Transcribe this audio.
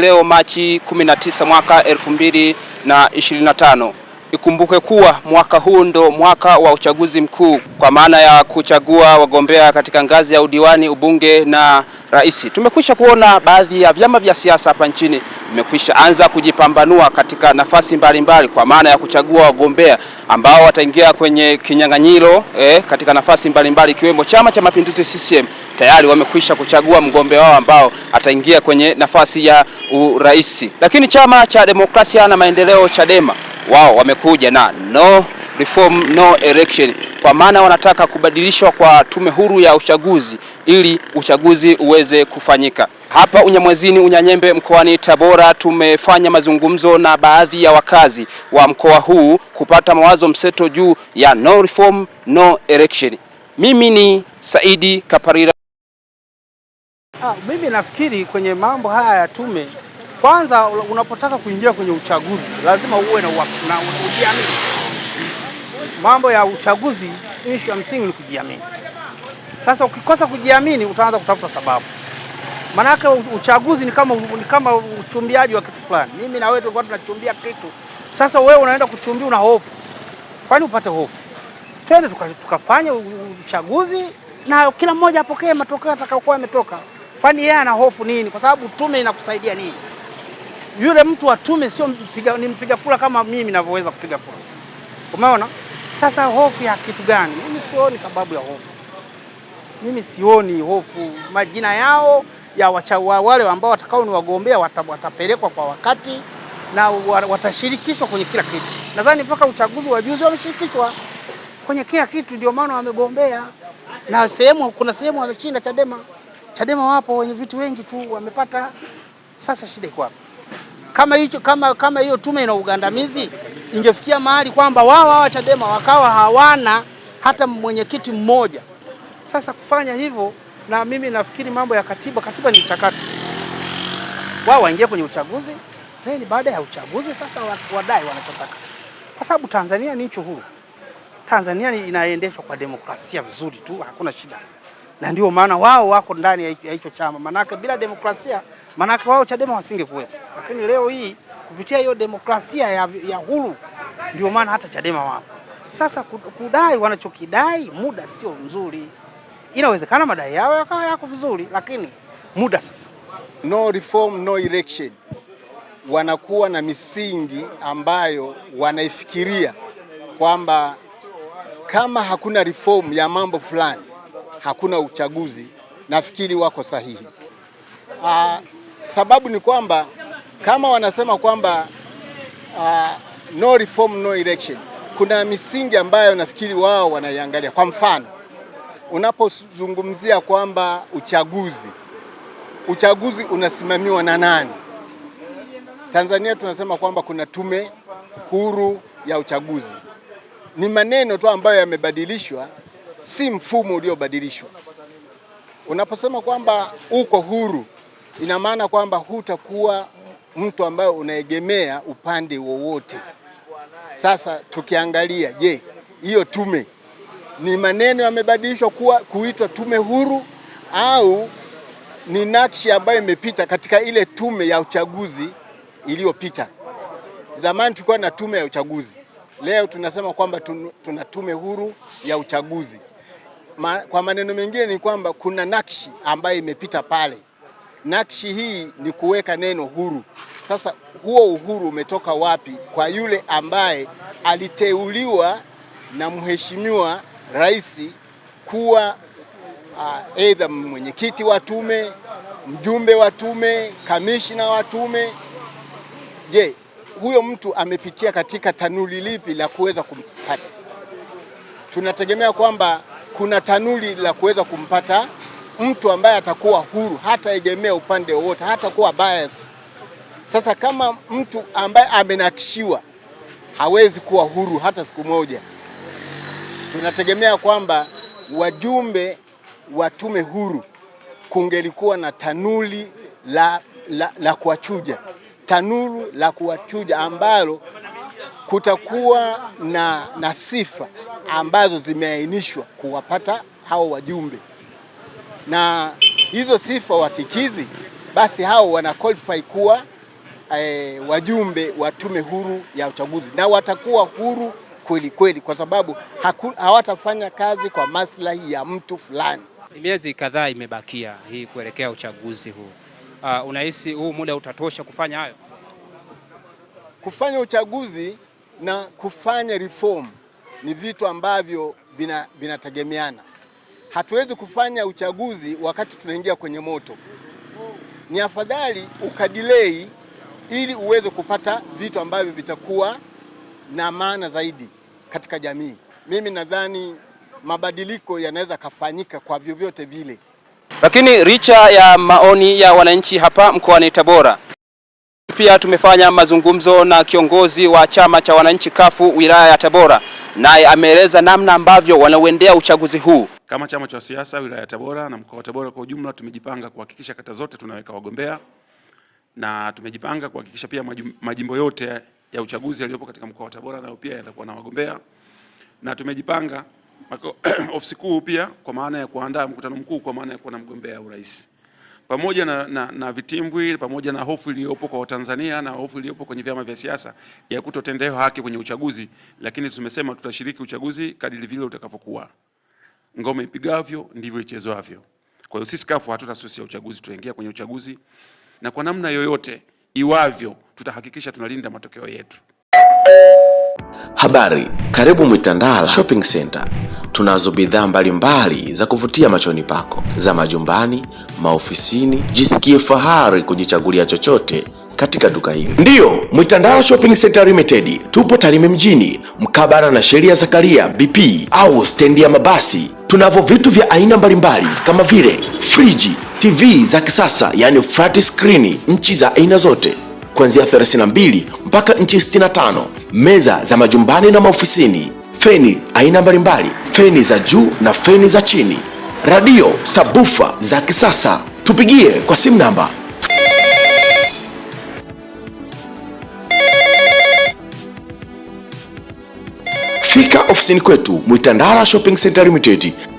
leo Machi 19 mwaka 2025. Ikumbuke kuwa mwaka huu ndo mwaka wa uchaguzi mkuu kwa maana ya kuchagua wagombea katika ngazi ya udiwani, ubunge na rais. Tumekwisha kuona baadhi ya vyama vya siasa hapa nchini vimekwisha anza kujipambanua katika nafasi mbalimbali kwa maana ya kuchagua wagombea ambao wataingia kwenye kinyang'anyiro eh, katika nafasi mbalimbali ikiwemo Chama cha Mapinduzi CCM tayari wamekwisha kuchagua mgombea wao ambao ataingia kwenye nafasi ya urais. Lakini Chama cha Demokrasia na Maendeleo Chadema wao wamekuja na no reform no election, kwa maana wanataka kubadilishwa kwa tume huru ya uchaguzi ili uchaguzi uweze kufanyika. Hapa Unyamwezini Unyanyembe mkoani Tabora tumefanya mazungumzo na baadhi ya wakazi wa mkoa huu kupata mawazo mseto juu ya no reform no election. Mimi ni Saidi Kaparira. Ah, mimi nafikiri kwenye mambo haya ya tume kwanza unapotaka kuingia kwenye uchaguzi lazima uwe na kujiamini. Mambo ya uchaguzi, issue ya msingi ni kujiamini. Sasa ukikosa kujiamini, utaanza kutafuta sababu, Manake uchaguzi ni kama, ni kama uchumbiaji wa kitu fulani. Mimi na wewe tulikuwa tunachumbia kitu, sasa wewe unaenda kuchumbia, una hofu. Kwani upate hofu? Twende tukafanye uchaguzi na kila mmoja apokee matokeo atakayokuwa ametoka. Kwani yeye ana hofu nini? Kwa sababu tume inakusaidia nini? yule mtu wa tume sio mpiga, ni mpiga kura kama mimi ninavyoweza kupiga kura. Umeona? Sasa hofu ya kitu gani? Mimi sioni sababu ya hofu, mimi sioni hofu. Majina yao ya wachawa wale ambao watakao ni wagombea watapelekwa kwa wakati na watashirikishwa kwenye kila kitu. Nadhani mpaka uchaguzi wa juzi wameshirikishwa kwenye kila kitu, ndio maana wamegombea na sehemu, kuna sehemu wameshinda. Chadema, Chadema wapo wenye vitu wengi tu wamepata. Sasa shida iko wapi? kama hicho kama kama hiyo tume ina ugandamizi, ingefikia mahali kwamba wao hawa Chadema wakawa hawana hata mwenyekiti mmoja. Sasa kufanya hivyo, na mimi nafikiri mambo ya katiba, katiba ni mchakato, wao waingie kwenye uchaguzi zeni, baada ya uchaguzi sasa wadai wanachotaka, kwa sababu Tanzania ni nchi huru. Tanzania inaendeshwa kwa demokrasia vizuri tu, hakuna shida na ndio maana wao wako ndani ya hicho chama, manake bila demokrasia, manake wao Chadema wasingekuwepo. Lakini leo hii kupitia hiyo demokrasia ya, ya huru, ndio maana hata Chadema wapo sasa. Kudai wanachokidai muda sio mzuri, inawezekana madai yao yakawa yako vizuri, lakini muda sasa. No reform no election, wanakuwa na misingi ambayo wanaifikiria kwamba kama hakuna reform ya mambo fulani hakuna uchaguzi, nafikiri wako sahihi. Aa, ah, sababu ni kwamba kama wanasema kwamba aa, ah, no reform no election, kuna misingi ambayo nafikiri wao wanaiangalia. Kwa mfano, unapozungumzia kwamba uchaguzi, uchaguzi unasimamiwa na nani? Tanzania tunasema kwamba kuna tume huru ya uchaguzi. Ni maneno tu ambayo yamebadilishwa si mfumo uliobadilishwa. Unaposema kwamba uko huru, ina maana kwamba hutakuwa mtu ambaye unaegemea upande wowote. Sasa tukiangalia, je, hiyo tume ni maneno yamebadilishwa kuwa kuitwa tume huru au ni nakshi ambayo imepita katika ile tume ya uchaguzi iliyopita? Zamani tulikuwa na tume ya uchaguzi, leo tunasema kwamba tuna tume huru ya uchaguzi. Ma, kwa maneno mengine ni kwamba kuna nakshi ambayo imepita pale. Nakshi hii ni kuweka neno huru. Sasa huo uhuru umetoka wapi kwa yule ambaye aliteuliwa na mheshimiwa rais kuwa aidha uh, mwenyekiti wa tume, mjumbe wa tume, kamishina wa tume? Je, huyo mtu amepitia katika tanuli lipi la kuweza kumpata? Tunategemea kwamba kuna tanuli la kuweza kumpata mtu ambaye atakuwa huru, hataegemea upande wowote, hatakuwa bias. Sasa kama mtu ambaye amenakishiwa hawezi kuwa huru hata siku moja, tunategemea kwamba wajumbe wa tume huru kungelikuwa na tanuli la, la, la kuwachuja tanuru la kuwachuja ambalo kutakuwa na, na sifa ambazo zimeainishwa kuwapata hao wajumbe, na hizo sifa wakikidhi, basi hao wana qualify kuwa e, wajumbe wa tume huru ya uchaguzi, na watakuwa huru kweli kweli, kwa sababu hawatafanya kazi kwa maslahi ya mtu fulani. Miezi kadhaa imebakia hii kuelekea uchaguzi huu. Uh, unahisi huu muda utatosha kufanya hayo? Kufanya uchaguzi na kufanya reform ni vitu ambavyo vinategemeana. Hatuwezi kufanya uchaguzi wakati tunaingia kwenye moto. Ni afadhali ukadilei ili uweze kupata vitu ambavyo vitakuwa na maana zaidi katika jamii. Mimi nadhani mabadiliko yanaweza kafanyika kwa vyovyote vile. Lakini licha ya maoni ya wananchi hapa mkoani Tabora pia tumefanya mazungumzo na kiongozi wa chama cha wananchi kafu wilaya ya Tabora, naye ameeleza namna ambavyo wanauendea uchaguzi huu. Kama chama cha siasa wilaya ya Tabora na mkoa wa Tabora kwa ujumla, tumejipanga kuhakikisha kata zote tunaweka wagombea na tumejipanga kuhakikisha pia majimbo yote ya uchaguzi yaliyopo katika mkoa wa Tabora nayo pia yatakuwa na wagombea, na tumejipanga ofisi kuu pia kwa maana ya kuandaa mkutano mkuu kwa maana ya kuwa na mgombea urais pamoja na, na, na vitimbwi pamoja na hofu iliyopo kwa Watanzania na hofu iliyopo kwenye vyama vya siasa ya kutotendewa haki kwenye uchaguzi, lakini tumesema tutashiriki uchaguzi kadiri vile utakavyokuwa. ngome ipigavyo ndivyo ichezwavyo. Kwa hiyo sisi CUF hatutasusia uchaguzi, tutaingia kwenye uchaguzi na kwa namna yoyote iwavyo tutahakikisha tunalinda matokeo yetu. Habari, karibu Mwitandala Shopping Center. Tunazo bidhaa mbalimbali za kuvutia machoni pako za majumbani, maofisini. Jisikie fahari kujichagulia chochote katika duka hili. Ndiyo, Mwitandala Shopping Center Limited. Tupo Tarime mjini mkabara na sheria Zakaria BP au stendi ya mabasi. Tunavyo vitu vya aina mbalimbali kama vile friji, TV za kisasa yani flat screen, nchi za aina zote kuanzia 32 mpaka nchi 65 meza za majumbani na maofisini, feni aina mbalimbali, feni za juu na feni za chini, radio, sabufa za kisasa. Tupigie kwa simu namba Fika ofisini kwetu Mwitandara Shopping Center Limited